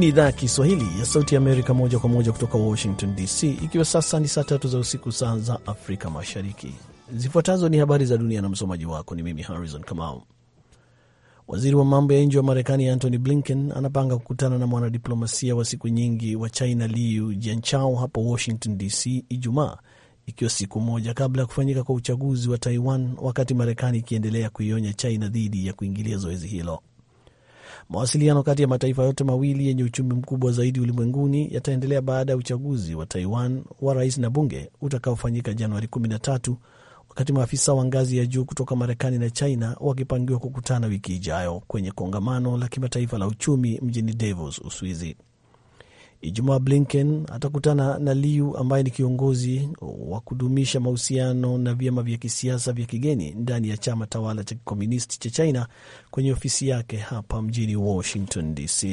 Hii ni idhaa ya Kiswahili ya Sauti ya Amerika, moja kwa moja kutoka Washington DC, ikiwa sasa ni saa tatu za usiku, saa za Afrika Mashariki. Zifuatazo ni habari za dunia na msomaji wako ni mimi Harrison Kamau. Waziri wa mambo ya nje wa Marekani Antony Blinken anapanga kukutana na mwanadiplomasia wa siku nyingi wa China Liu Jianchao hapo Washington DC Ijumaa, ikiwa siku moja kabla ya kufanyika kwa uchaguzi wa Taiwan, wakati Marekani ikiendelea kuionya China dhidi ya kuingilia zoezi hilo. Mawasiliano kati ya mataifa yote mawili yenye uchumi mkubwa zaidi ulimwenguni yataendelea baada ya uchaguzi wa Taiwan wa rais na bunge utakaofanyika Januari 13 wakati maafisa wa ngazi ya juu kutoka Marekani na China wakipangiwa kukutana wiki ijayo kwenye kongamano la kimataifa la uchumi mjini Davos, Uswizi. Ijumaa Blinken atakutana na Liu ambaye ni kiongozi wa kudumisha mahusiano na vyama vya kisiasa vya kigeni ndani ya chama tawala cha kikomunisti cha China kwenye ofisi yake hapa mjini Washington DC.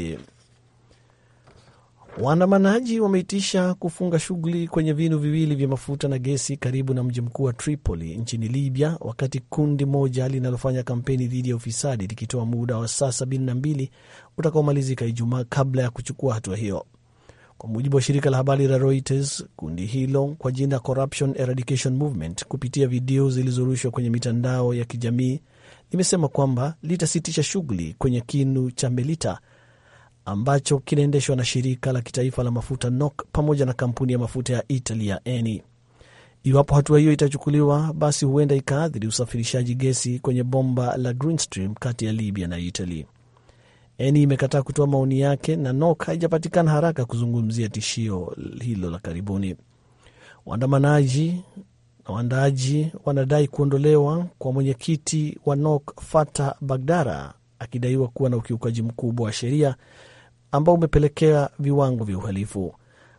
Waandamanaji wameitisha kufunga shughuli kwenye vinu viwili vya mafuta na gesi karibu na mji mkuu wa Tripoli nchini Libya, wakati kundi moja linalofanya kampeni dhidi ya ufisadi likitoa muda wa saa 72 utakaomalizika Ijumaa kabla ya kuchukua hatua hiyo. Kwa mujibu wa shirika la habari la Reuters, kundi hilo kwa jina Corruption Eradication Movement, kupitia video zilizorushwa kwenye mitandao ya kijamii, limesema kwamba litasitisha shughuli kwenye kinu cha Melita ambacho kinaendeshwa na shirika la kitaifa la mafuta NOC pamoja na kampuni ya mafuta ya Italia ya Eni. Iwapo hatua hiyo itachukuliwa, basi huenda ikaathiri usafirishaji gesi kwenye bomba la Greenstream kati ya Libya na Italy. Eni imekataa kutoa maoni yake na NOK haijapatikana haraka kuzungumzia tishio hilo la karibuni. Waandamanaji na waandaaji wanadai kuondolewa kwa mwenyekiti wa NOK Fata Bagdara akidaiwa kuwa na ukiukaji mkubwa wa sheria ambao umepelekea viwango vya uhalifu.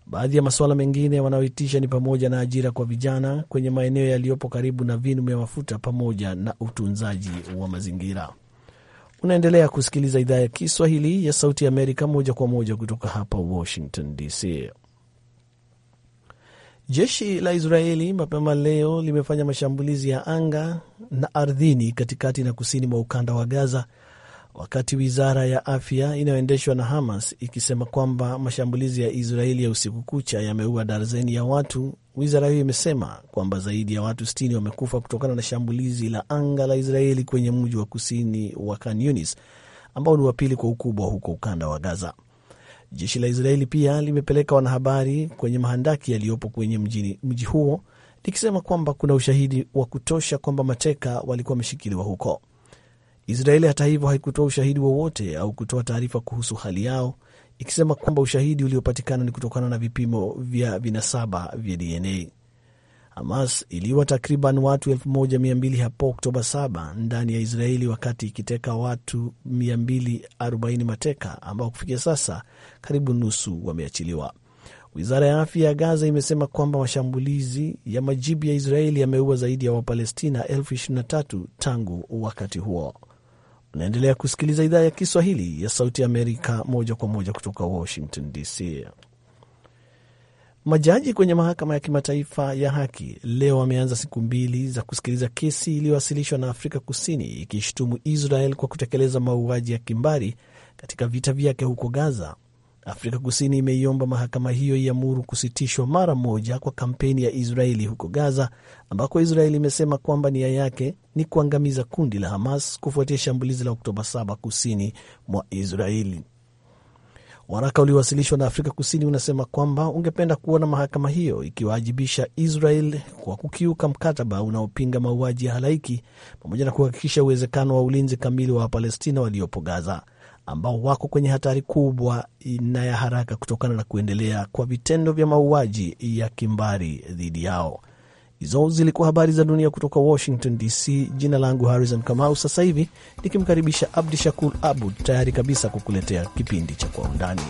Baadhi ya masuala mengine wanaoitisha ni pamoja na ajira kwa vijana kwenye maeneo yaliyopo karibu na vinu vya mafuta pamoja na utunzaji wa mazingira. Unaendelea kusikiliza idhaa ya Kiswahili ya Sauti ya Amerika moja kwa moja kutoka hapa Washington DC. Jeshi la Israeli mapema leo limefanya mashambulizi ya anga na ardhini katikati na kusini mwa ukanda wa Gaza, wakati wizara ya afya inayoendeshwa na Hamas ikisema kwamba mashambulizi ya Israeli ya usiku kucha yameua darzeni ya watu Wizara hiyo imesema kwamba zaidi ya watu 60 wamekufa kutokana na shambulizi la anga la Israeli kwenye mji wa kusini wa Khan Yunis ambao ni wa pili kwa ukubwa huko ukanda wa Gaza. Jeshi la Israeli pia limepeleka wanahabari kwenye mahandaki yaliyopo kwenye mji huo likisema kwamba kuna ushahidi wa kutosha kwamba mateka walikuwa wameshikiliwa huko. Israeli hata hivyo haikutoa ushahidi wowote au kutoa taarifa kuhusu hali yao ikisema kwamba ushahidi uliopatikana ni kutokana na vipimo vya vinasaba vya DNA. Hamas iliwa takriban watu 1200 hapo Oktoba 7 ndani ya Israeli wakati ikiteka watu 240 mateka ambao kufikia sasa karibu nusu wameachiliwa. Wizara ya afya ya Gaza imesema kwamba mashambulizi ya majibu ya Israeli yameua zaidi ya Wapalestina 23 tangu wakati huo. Unaendelea kusikiliza idhaa ya Kiswahili ya Sauti ya Amerika moja kwa moja kutoka Washington DC. Majaji kwenye mahakama ya kimataifa ya haki leo wameanza siku mbili za kusikiliza kesi iliyowasilishwa na Afrika Kusini ikishutumu Israel kwa kutekeleza mauaji ya kimbari katika vita vyake huko Gaza Afrika Kusini imeiomba mahakama hiyo iamuru kusitishwa mara moja kwa kampeni ya Israeli huko Gaza, ambako Israeli imesema kwamba nia yake ni kuangamiza kundi la Hamas kufuatia shambulizi la Oktoba 7 kusini mwa Israeli. Waraka uliowasilishwa na Afrika Kusini unasema kwamba ungependa kuona mahakama hiyo ikiwaajibisha Israel kwa kukiuka mkataba unaopinga mauaji ya halaiki pamoja na kuhakikisha uwezekano wa ulinzi kamili wa Wapalestina waliopo Gaza ambao wako kwenye hatari kubwa na ya haraka kutokana na kuendelea kwa vitendo vya mauaji ya kimbari dhidi yao. Hizo zilikuwa habari za dunia kutoka Washington DC. Jina langu Harrison Kamau, sasa hivi nikimkaribisha Abdi Shakur Abud tayari kabisa kukuletea kipindi cha Kwa Undani.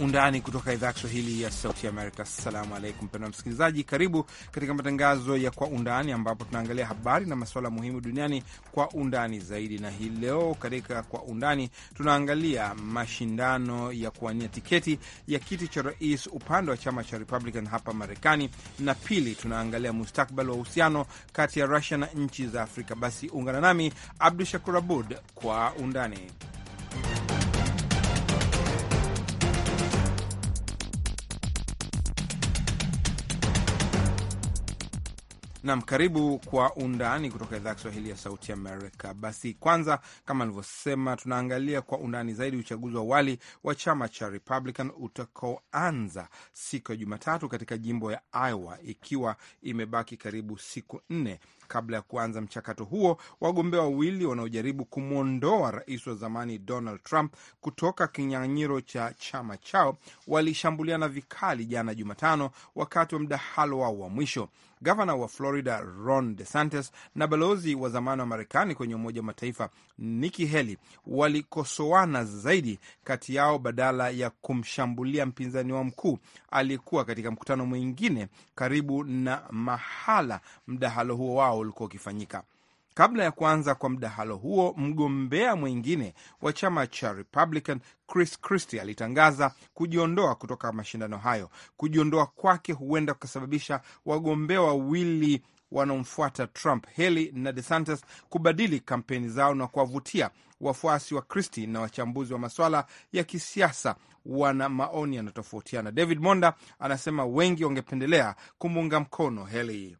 undani kutoka idhaa ya Kiswahili ya Sauti Amerika. Assalamu alaikum mpendwa msikilizaji, karibu katika matangazo ya Kwa Undani ambapo tunaangalia habari na masuala muhimu duniani kwa undani zaidi. Na hii leo katika Kwa Undani tunaangalia mashindano ya kuwania tiketi ya kiti cha rais upande wa chama cha Republican hapa Marekani, na pili tunaangalia mustakbali wa uhusiano kati ya Rusia na nchi za Afrika. Basi ungana nami Abdu Shakur Abud kwa undani. Nam, karibu kwa undani kutoka idhaa ya Kiswahili ya Sauti Amerika. Basi kwanza, kama alivyosema tunaangalia kwa undani zaidi uchaguzi wa awali wa chama cha Republican utakaoanza siku ya Jumatatu katika jimbo ya Iowa, ikiwa imebaki karibu siku nne Kabla ya kuanza mchakato huo, wagombea wawili wanaojaribu kumwondoa rais wa zamani Donald Trump kutoka kinyang'anyiro cha chama chao walishambuliana vikali jana Jumatano wakati wa mdahalo wao wa mwisho. Gavana wa Florida Ron DeSantis na balozi wa zamani wa Marekani kwenye Umoja wa Mataifa Nikki Haley walikosoana zaidi kati yao badala ya kumshambulia mpinzani wao mkuu aliyekuwa katika mkutano mwingine karibu na mahala mdahalo huo wao ulikuwa ukifanyika. Kabla ya kuanza kwa mdahalo huo, mgombea mwingine wa chama cha Republican Chris Christie alitangaza kujiondoa kutoka mashindano hayo. Kujiondoa kwake huenda kukasababisha wagombea wawili wanaomfuata Trump, Haley na DeSantis, kubadili kampeni zao na kuwavutia wafuasi wa Christie na wachambuzi wa masuala ya kisiasa wana maoni yanatofautiana David Monda anasema wengi wangependelea kumuunga mkono Haley.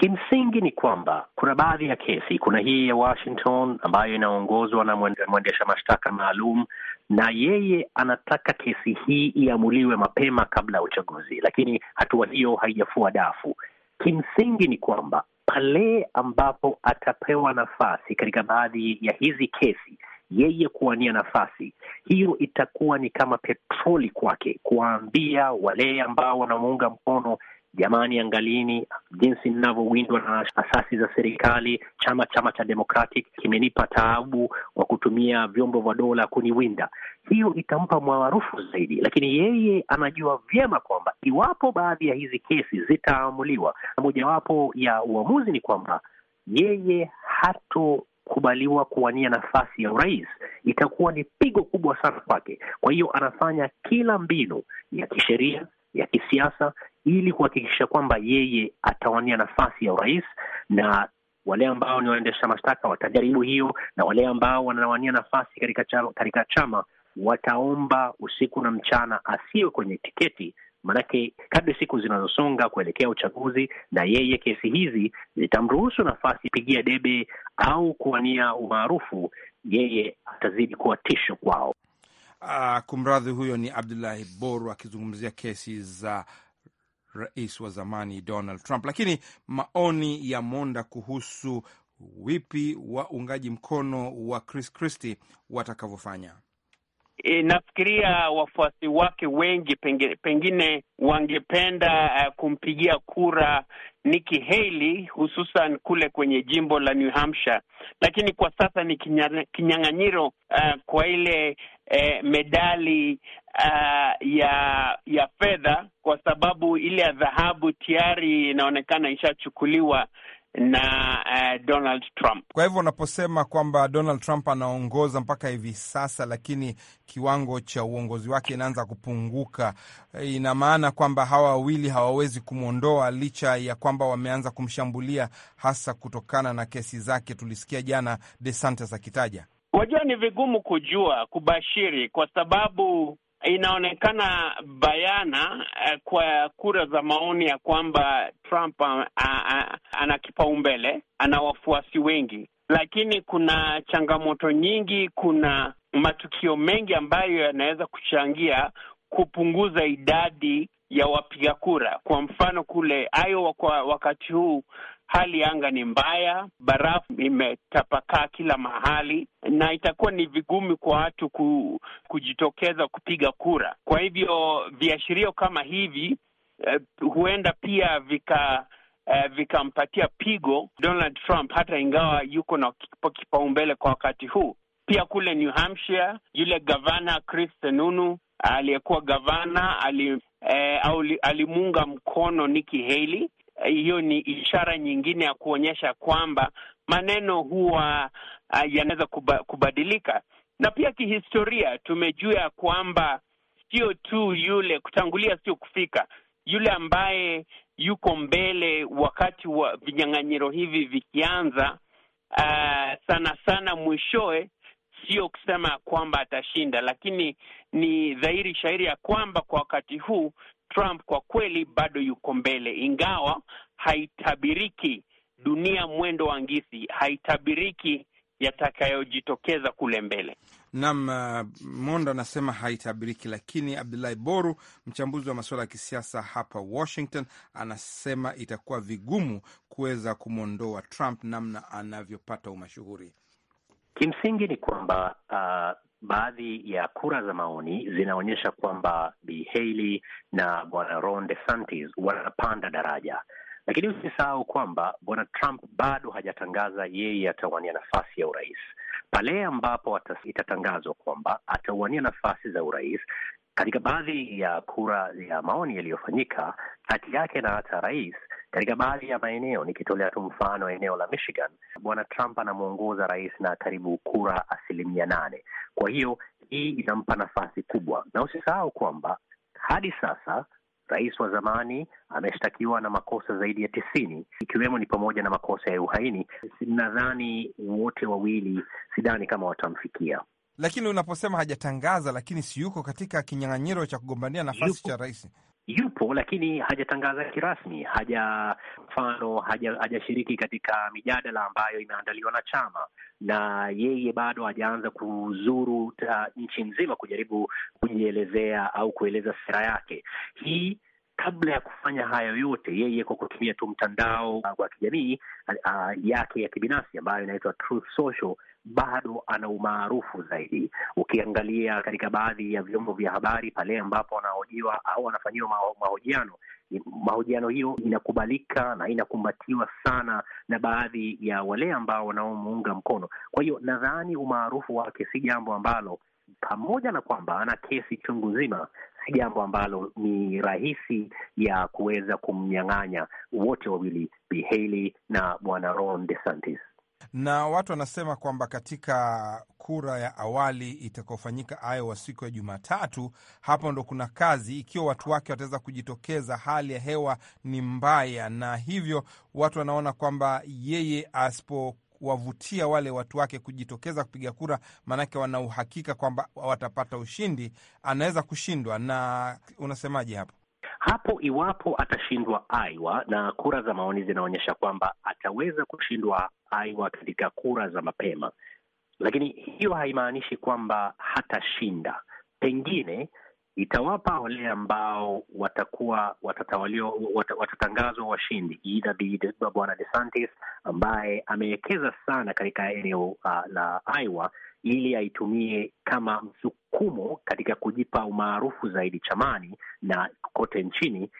Kimsingi ni kwamba kuna baadhi ya kesi, kuna hii ya Washington ambayo inaongozwa na mwendesha mashtaka maalum, na yeye anataka kesi hii iamuliwe mapema kabla ya uchaguzi, lakini hatua hiyo haijafua dafu. Kimsingi ni kwamba pale ambapo atapewa nafasi katika baadhi ya hizi kesi yeye kuwania nafasi hiyo itakuwa ni kama petroli kwake, kuwaambia wale ambao wanamuunga mkono Jamani, angalini jinsi ninavyowindwa na asasi za serikali. Chama chama cha Democratic kimenipa taabu kwa kutumia vyombo vya dola kuniwinda. Hiyo itampa mwaarufu zaidi, lakini yeye anajua vyema kwamba iwapo baadhi ya hizi kesi zitaamuliwa, mojawapo ya uamuzi ni kwamba yeye hato kubaliwa kuwania nafasi ya urais, itakuwa ni pigo kubwa sana kwake. Kwa hiyo anafanya kila mbinu ya kisheria ya kisiasa ili kuhakikisha kwamba yeye atawania nafasi ya urais na wale ambao ni waendesha mashtaka watajaribu hiyo, na wale ambao wanawania nafasi katika chama, katika chama wataomba usiku na mchana asiwe kwenye tiketi, maanake kadri siku zinazosonga kuelekea uchaguzi, na yeye kesi hizi zitamruhusu nafasi pigia debe au kuwania umaarufu, yeye atazidi kuwa tisho kwao. Uh, kumradhi, huyo ni Abdullahi Boru akizungumzia kesi za rais wa zamani Donald Trump. Lakini maoni ya Monda kuhusu wipi wa uungaji mkono wa Chris Christie watakavyofanya. E, nafikiria wafuasi wake wengi pengine, pengine wangependa uh, kumpigia kura Nikki Haley hususan kule kwenye jimbo la New Hampshire, lakini kwa sasa ni kinyang'anyiro uh, kwa ile eh, medali uh, ya ya fedha kwa sababu ile ya dhahabu tayari inaonekana ishachukuliwa na uh, Donald Trump. Kwa hivyo unaposema kwamba Donald Trump anaongoza mpaka hivi sasa, lakini kiwango cha uongozi wake inaanza kupunguka, eh, ina maana kwamba hawa wawili hawawezi kumwondoa licha ya kwamba wameanza kumshambulia, hasa kutokana na kesi zake tulisikia jana DeSantis akitaja Wajua, ni vigumu kujua kubashiri, kwa sababu inaonekana bayana eh, kwa kura za maoni ya kwamba Trump eh, eh, ana kipaumbele, ana wafuasi wengi, lakini kuna changamoto nyingi, kuna matukio mengi ambayo yanaweza kuchangia kupunguza idadi ya wapiga kura. Kwa mfano kule Iowa kwa wakati huu hali ya anga ni mbaya, barafu imetapakaa kila mahali, na itakuwa ni vigumu kwa watu ku, kujitokeza kupiga kura. Kwa hivyo viashirio kama hivi eh, huenda pia vika Uh, vikampatia pigo Donald Trump hata ingawa yuko na kipaumbele kwa wakati huu. Pia kule New Hampshire yule gavana Chris Sununu aliyekuwa gavana ali, eh, alimuunga mkono Nikki Haley Eh, hiyo ni ishara nyingine ya kuonyesha kwamba maneno huwa uh, yanaweza kuba, kubadilika. Na pia kihistoria tumejua kwamba sio tu yule kutangulia, sio kufika, yule ambaye yuko mbele wakati wa vinyang'anyiro hivi vikianza, uh, sana sana mwishowe sio kusema kwamba atashinda, lakini ni dhahiri shahiri ya kwamba kwa wakati huu Trump kwa kweli bado yuko mbele, ingawa haitabiriki. Dunia mwendo wa ngisi, haitabiriki yatakayojitokeza kule mbele. Naam, uh, Mondo anasema haitabiriki, lakini abdulahi Boru, mchambuzi wa masuala ya kisiasa hapa Washington, anasema itakuwa vigumu kuweza kumwondoa Trump namna anavyopata umashuhuri. Kimsingi ni kwamba uh, baadhi ya kura za maoni zinaonyesha kwamba Bi Haley na bwana Ron DeSantis wanapanda daraja, lakini usisahau kwamba bwana Trump bado hajatangaza yeye atawania nafasi ya urais. Pale ambapo itatangazwa kwamba atawania nafasi za urais katika baadhi ya kura ya maoni yaliyofanyika kati yake na hata rais katika baadhi ya maeneo. Nikitolea tu mfano eneo la Michigan, bwana Trump anamwongoza rais na karibu kura asilimia nane. Kwa hiyo hii inampa nafasi kubwa, na usisahau kwamba hadi sasa rais wa zamani ameshtakiwa na makosa zaidi ya tisini ikiwemo ni pamoja na makosa ya uhaini. Nadhani wote wawili, sidhani kama watamfikia. Lakini unaposema hajatangaza, lakini si yuko katika kinyang'anyiro cha kugombania nafasi cha rais, yupo lakini hajatangaza kirasmi, haja mfano hajashiriki haja katika mijadala ambayo imeandaliwa na chama, na yeye bado hajaanza kuzuru nchi nzima kujaribu kujielezea au kueleza sera yake hii. Kabla ya kufanya hayo yote, yeye kwa kutumia tu mtandao wa kijamii yake ya kibinafsi ambayo inaitwa Truth Social bado ana umaarufu zaidi. Ukiangalia katika baadhi ya vyombo vya habari pale ambapo anahojiwa au anafanyiwa mahojiano mahojiano hiyo inakubalika na inakumbatiwa sana na baadhi ya wale ambao wanaomuunga mkono. Kwa hiyo nadhani umaarufu wake si jambo ambalo, pamoja na kwamba ana kesi chungu nzima, si jambo ambalo ni rahisi ya kuweza kumnyang'anya wote wawili, Bi Haley na bwana Ron DeSantis. Na watu wanasema kwamba katika kura ya awali itakaofanyika Iowa siku ya Jumatatu, hapo ndo kuna kazi. Ikiwa watu wake wataweza kujitokeza, hali ya hewa ni mbaya, na hivyo watu wanaona kwamba yeye asipo wavutia wale watu wake kujitokeza kupiga kura, maanake wana uhakika kwamba watapata ushindi, anaweza kushindwa. Na unasemaje hapo? hapo iwapo atashindwa Iowa, na kura za maoni zinaonyesha kwamba ataweza kushindwa Iowa katika kura za mapema, lakini hiyo haimaanishi kwamba hatashinda. Pengine itawapa wale ambao watakuwa watatawaliwa, wat, watatangazwa washindi, Bwana DeSantis ambaye amewekeza sana katika eneo uh, la Iowa ili aitumie kama msukumo katika kujipa umaarufu zaidi chamani na kote nchini,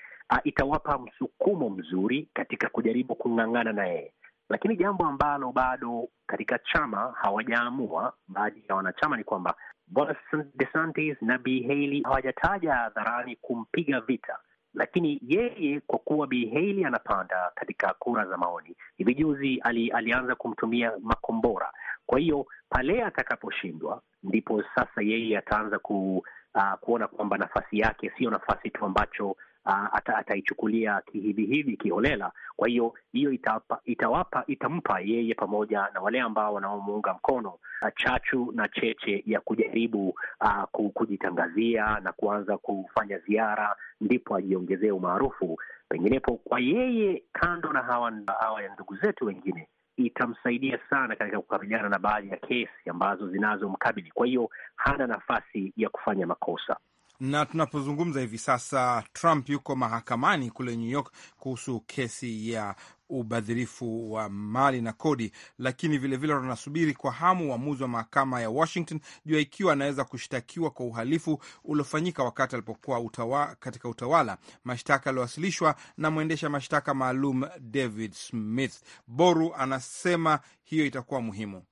itawapa msukumo mzuri katika kujaribu kung'ang'ana na yeye, lakini jambo ambalo bado katika chama hawajaamua baadhi ya wanachama ni kwamba Bwana DeSantis na Bi Haley hawajataja hadharani kumpiga vita, lakini yeye kwa kuwa Bi Haley anapanda katika kura za maoni, hivi juzi ali, alianza kumtumia makombora kwa hiyo pale atakaposhindwa, ndipo sasa yeye ataanza ku, uh, kuona kwamba nafasi yake siyo nafasi tu ambacho uh, ataichukulia kihivi hivi kiholela. Kwa hiyo hiyo itawapa, itawapa itampa yeye pamoja na wale ambao wanaomuunga mkono uh, chachu na cheche ya kujaribu uh, kujitangazia na kuanza kufanya ziara, ndipo ajiongezee umaarufu penginepo kwa yeye, kando na hawa hawa ya ndugu zetu wengine itamsaidia sana katika kukabiliana na baadhi ya kesi ambazo zinazomkabili. Kwa hiyo hana nafasi ya kufanya makosa na tunapozungumza hivi sasa Trump yuko mahakamani kule New York kuhusu kesi ya ubadhirifu wa mali na kodi, lakini vilevile wanasubiri kwa hamu uamuzi wa mahakama ya Washington juu ya ikiwa anaweza kushtakiwa kwa uhalifu uliofanyika wakati alipokuwa utawa, katika utawala, mashtaka yaliyowasilishwa na mwendesha mashtaka maalum David Smith. Boru anasema hiyo itakuwa muhimu.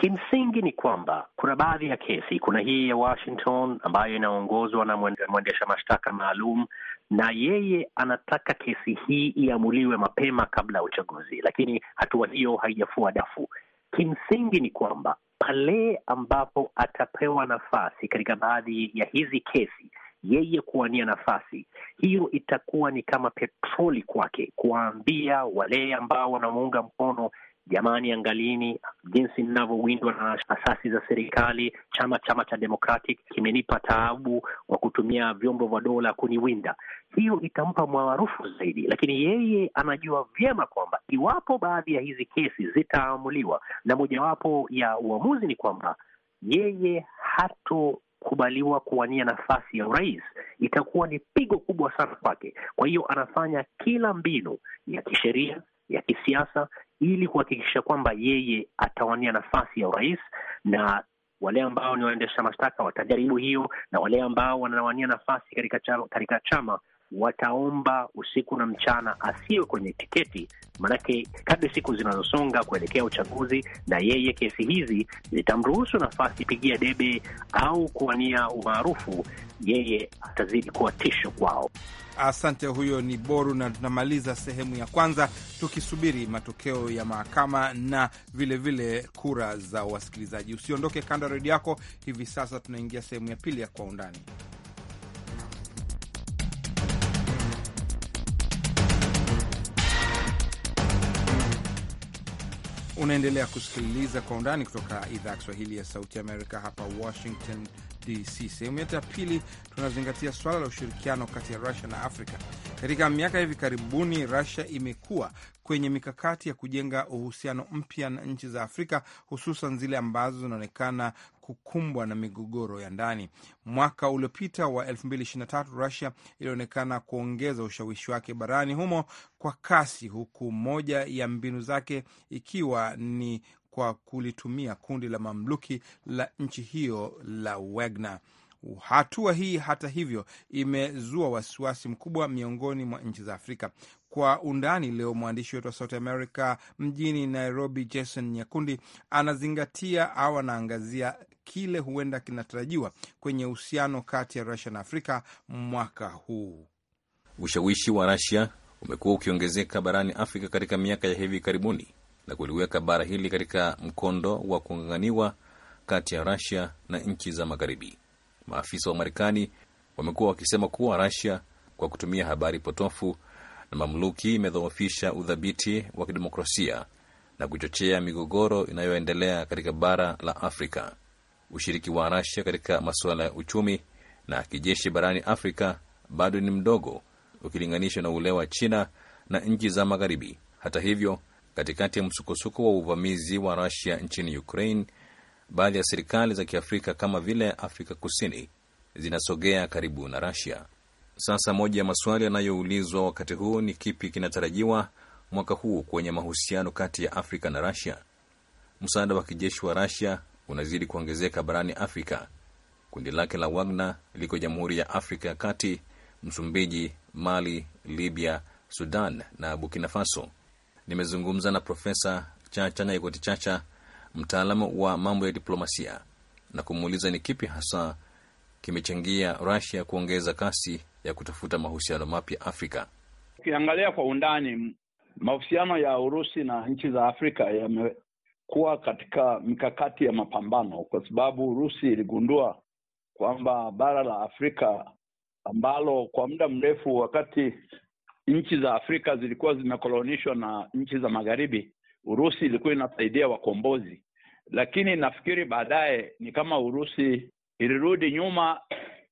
Kimsingi ni kwamba kuna baadhi ya kesi, kuna hii ya Washington ambayo inaongozwa na mwendesha mashtaka maalum, na yeye anataka kesi hii iamuliwe mapema kabla ya uchaguzi, lakini hatua hiyo haijafua dafu. Kimsingi ni kwamba pale ambapo atapewa nafasi katika baadhi ya hizi kesi yeye kuwania nafasi hiyo itakuwa ni kama petroli kwake, kuwaambia wale ambao wanamuunga mkono Jamani, angalini jinsi ninavyowindwa na asasi za serikali. Chama chama cha Democratic kimenipa taabu kwa kutumia vyombo vya dola kuniwinda. Hiyo itampa maarufu zaidi, lakini yeye anajua vyema kwamba iwapo baadhi ya hizi kesi zitaamuliwa, na mojawapo ya uamuzi ni kwamba yeye hato kubaliwa kuwania nafasi ya urais, itakuwa ni pigo kubwa sana kwake. Kwa hiyo anafanya kila mbinu ya kisheria ya kisiasa ili kuhakikisha kwamba yeye atawania nafasi ya urais na wale ambao ni waendesha mashtaka watajaribu hiyo, na wale ambao wanawania nafasi katika chama, katika chama wataomba usiku na mchana asiwe kwenye tiketi, maanake kadri siku zinazosonga kuelekea uchaguzi, na yeye kesi hizi zitamruhusu nafasi pigia debe au kuwania umaarufu, yeye atazidi kuwa tisho kwao. Asante, huyo ni Boru, na tunamaliza sehemu ya kwanza tukisubiri matokeo ya mahakama na vilevile vile kura za wasikilizaji. Usiondoke kando ya redio yako hivi sasa, tunaingia sehemu ya pili ya kwa undani. Unaendelea kusikiliza Kwa Undani kutoka idhaa ya Kiswahili ya Sauti Amerika, hapa Washington DC. Sehemu yetu ya pili, tunazingatia swala la ushirikiano kati ya Rusia na Afrika. Katika miaka hivi karibuni, Rusia imekuwa kwenye mikakati ya kujenga uhusiano mpya na nchi za Afrika, hususan zile ambazo zinaonekana kukumbwa na migogoro ya ndani. Mwaka uliopita wa 2023 Rusia ilionekana kuongeza ushawishi wake barani humo kwa kasi, huku moja ya mbinu zake ikiwa ni kwa kulitumia kundi la mamluki la nchi hiyo la Wagner. Hatua hii hata hivyo imezua wasiwasi mkubwa miongoni mwa nchi za Afrika. Kwa undani leo, mwandishi wetu wa Sauti America mjini Nairobi, Jason Nyakundi anazingatia au anaangazia kile huenda kinatarajiwa kwenye uhusiano kati ya Rusia na Afrika mwaka huu. Ushawishi wa Rusia umekuwa ukiongezeka barani Afrika katika miaka ya hivi karibuni na kuliweka bara hili katika mkondo wa kung'ang'aniwa kati ya Rusia na nchi za Magharibi. Maafisa wa Marekani wamekuwa wakisema kuwa Rusia kwa kutumia habari potofu na mamluki imedhoofisha udhabiti wa kidemokrasia na kuchochea migogoro inayoendelea katika bara la Afrika ushiriki wa Rasia katika masuala ya uchumi na kijeshi barani Afrika bado ni mdogo ukilinganishwa na ule wa China na nchi za Magharibi. Hata hivyo, katikati ya msukosuko wa uvamizi wa Rasia nchini Ukraine, baadhi ya serikali za Kiafrika kama vile Afrika Kusini zinasogea karibu na Rasia. Sasa moja ya maswali yanayoulizwa wakati huu ni kipi kinatarajiwa mwaka huu kwenye mahusiano kati ya Afrika na Rasia. Msaada wa kijeshi wa Rasia unazidi kuongezeka barani Afrika. Kundi lake la Wagner liko Jamhuri ya Afrika ya Kati, Msumbiji, Mali, Libya, Sudan na Burkina Faso. Nimezungumza na Profesa Chacha Nyaigoti Chacha, mtaalamu wa mambo ya diplomasia, na kumuuliza ni kipi hasa kimechangia Russia kuongeza kasi ya kutafuta mahusiano mapya Afrika. Ukiangalia kwa undani, mahusiano ya Urusi na nchi za Afrika kuwa katika mikakati ya mapambano, kwa sababu Urusi iligundua kwamba bara la Afrika ambalo kwa muda mrefu wakati nchi za Afrika zilikuwa zimekolonishwa na nchi za magharibi, Urusi ilikuwa inasaidia wakombozi, lakini nafikiri baadaye ni kama Urusi ilirudi nyuma,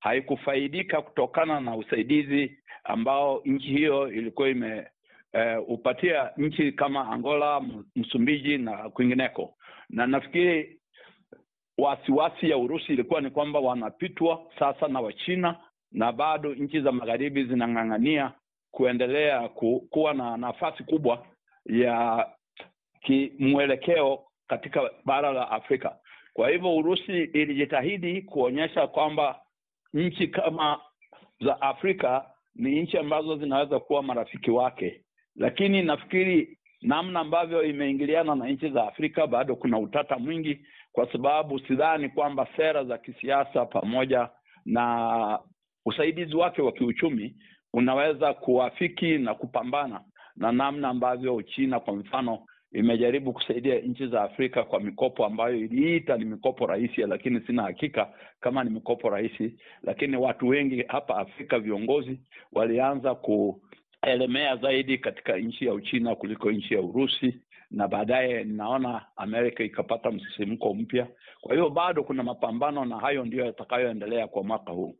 haikufaidika kutokana na usaidizi ambao nchi hiyo ilikuwa ime hupatia eh, upatia nchi kama Angola, Msumbiji na kwingineko, na nafikiri wasiwasi ya Urusi ilikuwa ni kwamba wanapitwa sasa na Wachina na bado nchi za magharibi zinang'ang'ania kuendelea ku, kuwa na nafasi kubwa ya kimwelekeo katika bara la Afrika. Kwa hivyo Urusi ilijitahidi kuonyesha kwamba nchi kama za Afrika ni nchi ambazo zinaweza kuwa marafiki wake lakini nafikiri namna ambavyo imeingiliana na nchi za Afrika bado kuna utata mwingi, kwa sababu sidhani kwamba sera za kisiasa pamoja na usaidizi wake wa kiuchumi unaweza kuafiki na kupambana na namna ambavyo Uchina kwa mfano imejaribu kusaidia nchi za Afrika kwa mikopo ambayo iliita ni mikopo rahisi, lakini sina hakika kama ni mikopo rahisi. Lakini watu wengi hapa Afrika, viongozi walianza ku elemea zaidi katika nchi ya Uchina kuliko nchi ya Urusi, na baadaye ninaona Amerika ikapata msisimko mpya. Kwa hiyo bado kuna mapambano, na hayo ndiyo yatakayoendelea kwa mwaka huu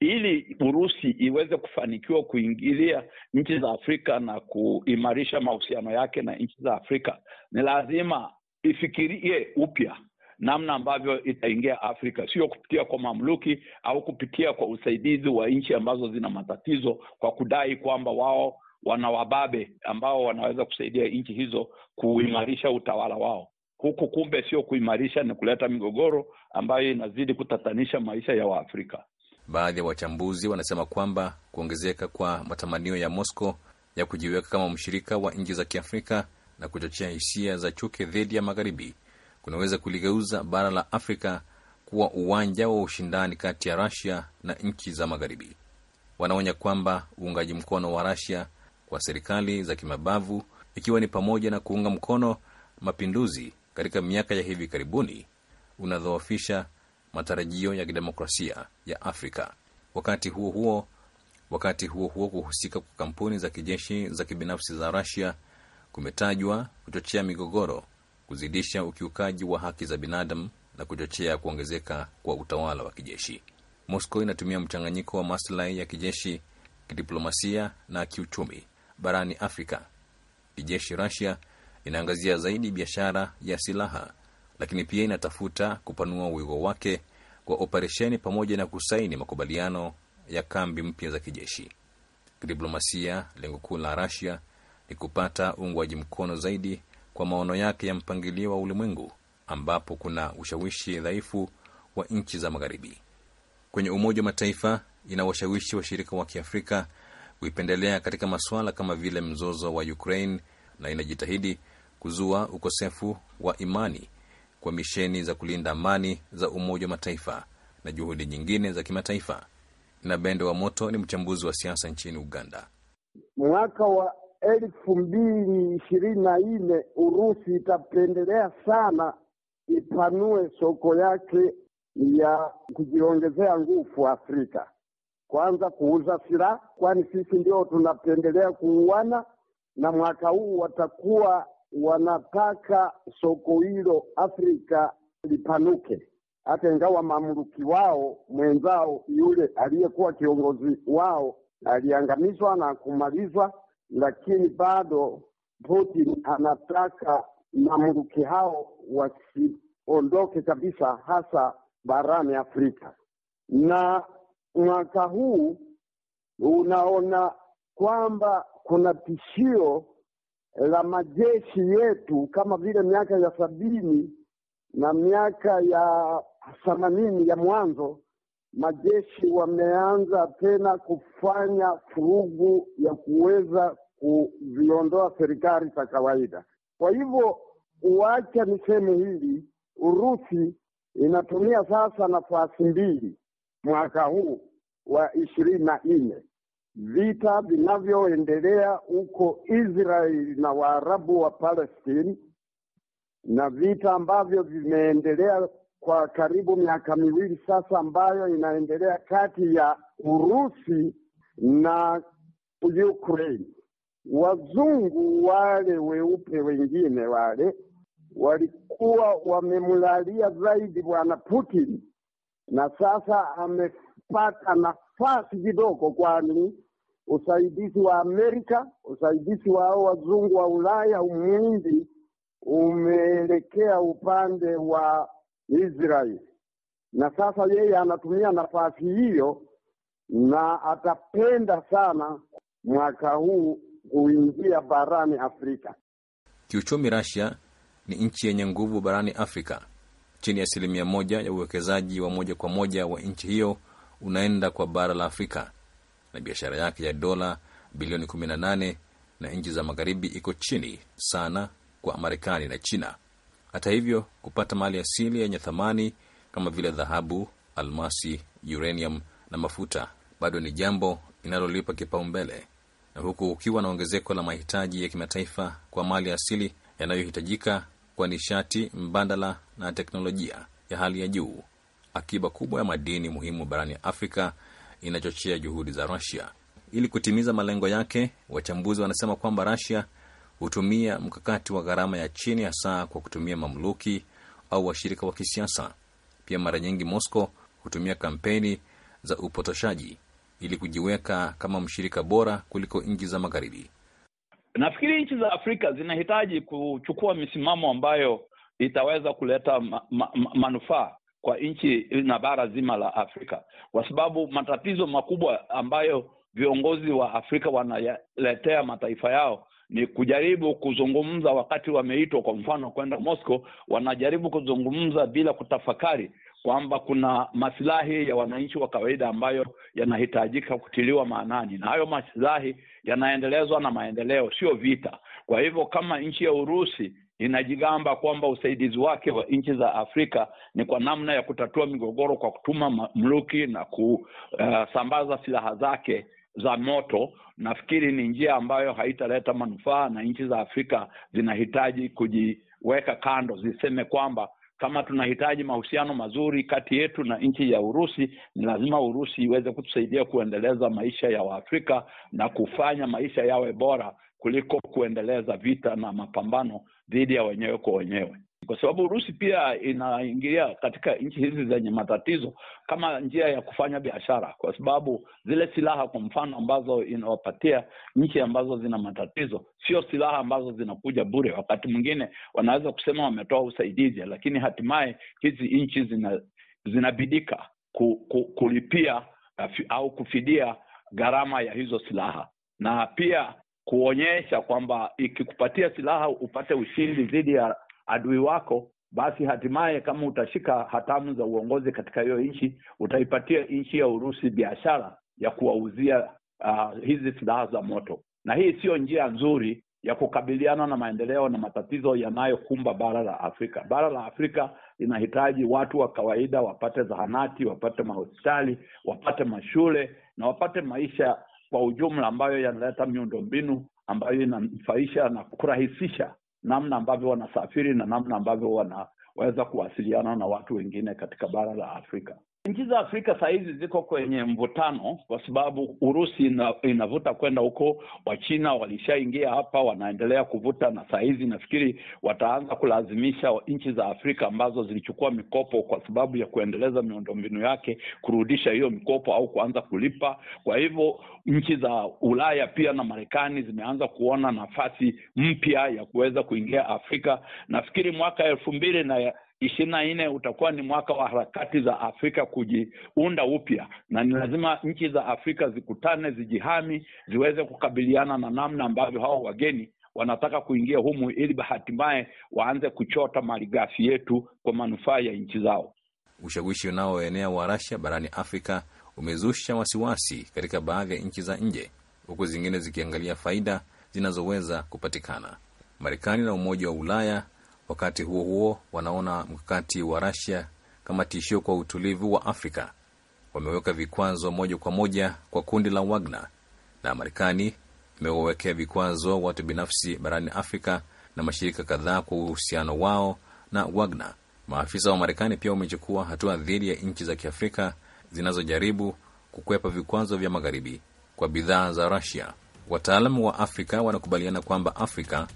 ili Urusi iweze kufanikiwa kuingilia nchi za Afrika na kuimarisha mahusiano yake na nchi za Afrika, ni lazima ifikirie upya namna ambavyo itaingia Afrika, sio kupitia kwa mamluki au kupitia kwa usaidizi wa nchi ambazo zina matatizo kwa kudai kwamba wao wana wababe ambao wanaweza kusaidia nchi hizo kuimarisha utawala wao huku kumbe sio kuimarisha, ni kuleta migogoro ambayo inazidi kutatanisha maisha ya Waafrika. Baadhi ya wachambuzi wanasema kwamba kuongezeka kwa matamanio ya mosco ya kujiweka kama mshirika wa nchi za Kiafrika na kuchochea hisia za chuki dhidi ya Magharibi kunaweza kuligeuza bara la Afrika kuwa uwanja wa ushindani kati ya rasia na nchi za Magharibi. Wanaonya kwamba uungaji mkono wa rasia kwa serikali za kimabavu, ikiwa ni pamoja na kuunga mkono mapinduzi katika miaka ya hivi karibuni, unadhoofisha matarajio ya kidemokrasia ya Afrika. Wakati huo huo wakati huo huo, kuhusika kwa kampuni za kijeshi za kibinafsi za rasia kumetajwa kuchochea migogoro kuzidisha ukiukaji wa haki za binadamu na kuchochea kuongezeka kwa utawala wa kijeshi. Moscow inatumia mchanganyiko wa maslahi ya kijeshi, kidiplomasia na kiuchumi barani Afrika. Kijeshi, Russia inaangazia zaidi biashara ya silaha, lakini pia inatafuta kupanua wigo wake kwa operesheni pamoja na kusaini makubaliano ya kambi mpya za kijeshi. Kidiplomasia, lengo kuu la Russia ni kupata uungwaji mkono zaidi kwa maono yake ya mpangilio wa ulimwengu ambapo kuna ushawishi dhaifu wa nchi za Magharibi. Kwenye Umoja wa Mataifa ina washawishi washirika wa Kiafrika kuipendelea katika masuala kama vile mzozo wa Ukraine na inajitahidi kuzua ukosefu wa imani kwa misheni za kulinda amani za Umoja wa Mataifa na juhudi nyingine za kimataifa. Na Bende wa Moto ni mchambuzi wa siasa nchini Uganda. Mwaka wa elfu mbili ishirini na nne Urusi itapendelea sana ipanue soko yake ya kujiongezea nguvu Afrika, kwanza kuuza silaha, kwani sisi ndio tunapendelea kuuana, na mwaka huu watakuwa wanataka soko hilo Afrika lipanuke hata ingawa mamluki wao mwenzao yule aliyekuwa kiongozi wao aliangamizwa na kumalizwa, lakini bado Putin anataka mamluki hao wasiondoke kabisa, hasa barani Afrika. Na mwaka huu unaona kwamba kuna tishio la majeshi yetu kama vile miaka ya sabini na miaka ya themanini ya mwanzo majeshi wameanza tena kufanya furugu ya kuweza kuviondoa serikali za kawaida. Kwa hivyo, wacha niseme hili, Urusi inatumia sasa nafasi mbili mwaka huu wa ishirini na nne vita vinavyoendelea huko Israeli na Waarabu wa Palestine na vita ambavyo vimeendelea kwa karibu miaka miwili sasa ambayo inaendelea kati ya Urusi na Ukraine. Wazungu wale weupe wengine wale walikuwa wamemlalia zaidi bwana Putin, na sasa amepata nafasi kidogo, kwani usaidizi wa Amerika, usaidizi wa wazungu wa Ulaya, umwindi umeelekea upande wa Israel. na sasa yeye anatumia nafasi hiyo, na atapenda sana mwaka huu kuingia barani Afrika. Kiuchumi, Russia ni nchi yenye nguvu barani Afrika. Chini ya asilimia moja ya uwekezaji wa moja kwa moja wa nchi hiyo unaenda kwa bara la Afrika, na biashara yake ya dola bilioni 18 na nchi za magharibi iko chini sana kwa Marekani na China. Hata hivyo, kupata mali asili yenye thamani kama vile dhahabu, almasi, uranium na mafuta bado ni jambo linalolipa kipaumbele, na huku ukiwa na ongezeko la mahitaji ya kimataifa kwa mali asili yanayohitajika kwa nishati mbadala na teknolojia ya hali ya juu. Akiba kubwa ya madini muhimu barani Afrika inachochea juhudi za Russia ili kutimiza malengo yake. Wachambuzi wanasema kwamba Russia hutumia mkakati wa gharama ya chini, hasa kwa kutumia mamluki au washirika wa kisiasa. Pia mara nyingi Moscow hutumia kampeni za upotoshaji ili kujiweka kama mshirika bora kuliko nchi za Magharibi. Nafikiri nchi za Afrika zinahitaji kuchukua misimamo ambayo itaweza kuleta ma ma ma manufaa kwa nchi na bara zima la Afrika, kwa sababu matatizo makubwa ambayo viongozi wa Afrika wanayaletea mataifa yao ni kujaribu kuzungumza wakati wameitwa, kwa mfano kwenda Moscow, wanajaribu kuzungumza bila kutafakari kwamba kuna masilahi ya wananchi wa kawaida ambayo yanahitajika kutiliwa maanani, na hayo masilahi yanaendelezwa na maendeleo, sio vita. Kwa hivyo kama nchi ya Urusi inajigamba kwamba usaidizi wake wa nchi za Afrika ni kwa namna ya kutatua migogoro kwa kutuma mamluki na kusambaza eh, silaha zake za moto, nafikiri ni njia ambayo haitaleta manufaa, na nchi za Afrika zinahitaji kujiweka kando, ziseme kwamba kama tunahitaji mahusiano mazuri kati yetu na nchi ya Urusi, ni lazima Urusi iweze kutusaidia kuendeleza maisha ya Waafrika na kufanya maisha yawe bora kuliko kuendeleza vita na mapambano dhidi ya wenyewe kwa wenyewe kwa sababu Urusi pia inaingilia katika nchi hizi zenye matatizo kama njia ya kufanya biashara, kwa sababu zile silaha kwa mfano ambazo inawapatia nchi ambazo zina matatizo sio silaha ambazo zinakuja bure. Wakati mwingine wanaweza kusema wametoa usaidizi, lakini hatimaye hizi nchi zina, zinabidika ku, ku, kulipia eh, au kufidia gharama ya hizo silaha na pia kuonyesha kwamba ikikupatia silaha upate ushindi dhidi ya adui wako, basi hatimaye kama utashika hatamu za uongozi katika hiyo nchi, utaipatia nchi ya Urusi biashara ya kuwauzia uh, hizi silaha za moto, na hii siyo njia nzuri ya kukabiliana na maendeleo na matatizo yanayokumba bara la Afrika. Bara la Afrika linahitaji watu wa kawaida wapate zahanati, wapate mahospitali, wapate mashule na wapate maisha kwa ujumla, ambayo yanaleta miundombinu ambayo inanufaisha na kurahisisha namna ambavyo wanasafiri na namna ambavyo wanaweza kuwasiliana na watu wengine katika bara la Afrika. Nchi za Afrika saa hizi ziko kwenye mvutano kwa sababu Urusi ina, inavuta kwenda huko, Wachina walishaingia hapa, wanaendelea kuvuta, na saa hizi nafikiri wataanza kulazimisha nchi za Afrika ambazo zilichukua mikopo kwa sababu ya kuendeleza miundombinu yake kurudisha hiyo mikopo au kuanza kulipa. Kwa hivyo nchi za Ulaya pia na Marekani zimeanza kuona nafasi mpya ya kuweza kuingia Afrika. Nafikiri mwaka elfu mbili na ishirini na nne utakuwa ni mwaka wa harakati za Afrika kujiunda upya, na ni lazima nchi za Afrika zikutane, zijihami, ziweze kukabiliana na namna ambavyo hao wageni wanataka kuingia humu, ili hatimaye waanze kuchota malighafi yetu kwa manufaa ya nchi zao. Ushawishi unaoenea wa Russia barani Afrika umezusha wasiwasi katika baadhi ya nchi za nje, huku zingine zikiangalia faida zinazoweza kupatikana. Marekani na Umoja wa Ulaya Wakati huo huo, wanaona mkakati wa Rasia kama tishio kwa utulivu wa Afrika. Wameweka vikwazo moja kwa moja kwa kundi la Wagner, na Marekani imewawekea vikwazo watu binafsi barani Afrika na mashirika kadhaa kwa uhusiano wao na Wagner. Maafisa wa Marekani pia wamechukua hatua dhidi ya nchi za Kiafrika zinazojaribu kukwepa vikwazo vya Magharibi kwa bidhaa za Rasia. Wataalamu wa Afrika wanakubaliana kwamba Afrika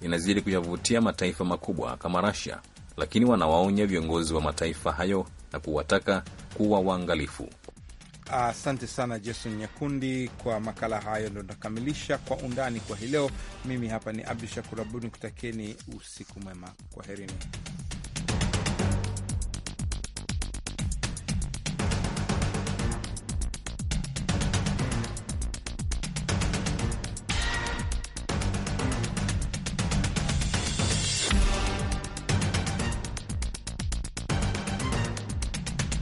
inazidi kuyavutia mataifa makubwa kama rasia lakini wanawaonya viongozi wa mataifa hayo na kuwataka kuwa waangalifu. Asante uh, sana Jason Nyakundi kwa makala hayo. Ndo nakamilisha Kwa Undani kwa hii leo. Mimi hapa ni Abdu Shakur Abud nikutakieni usiku mwema, kwaherini.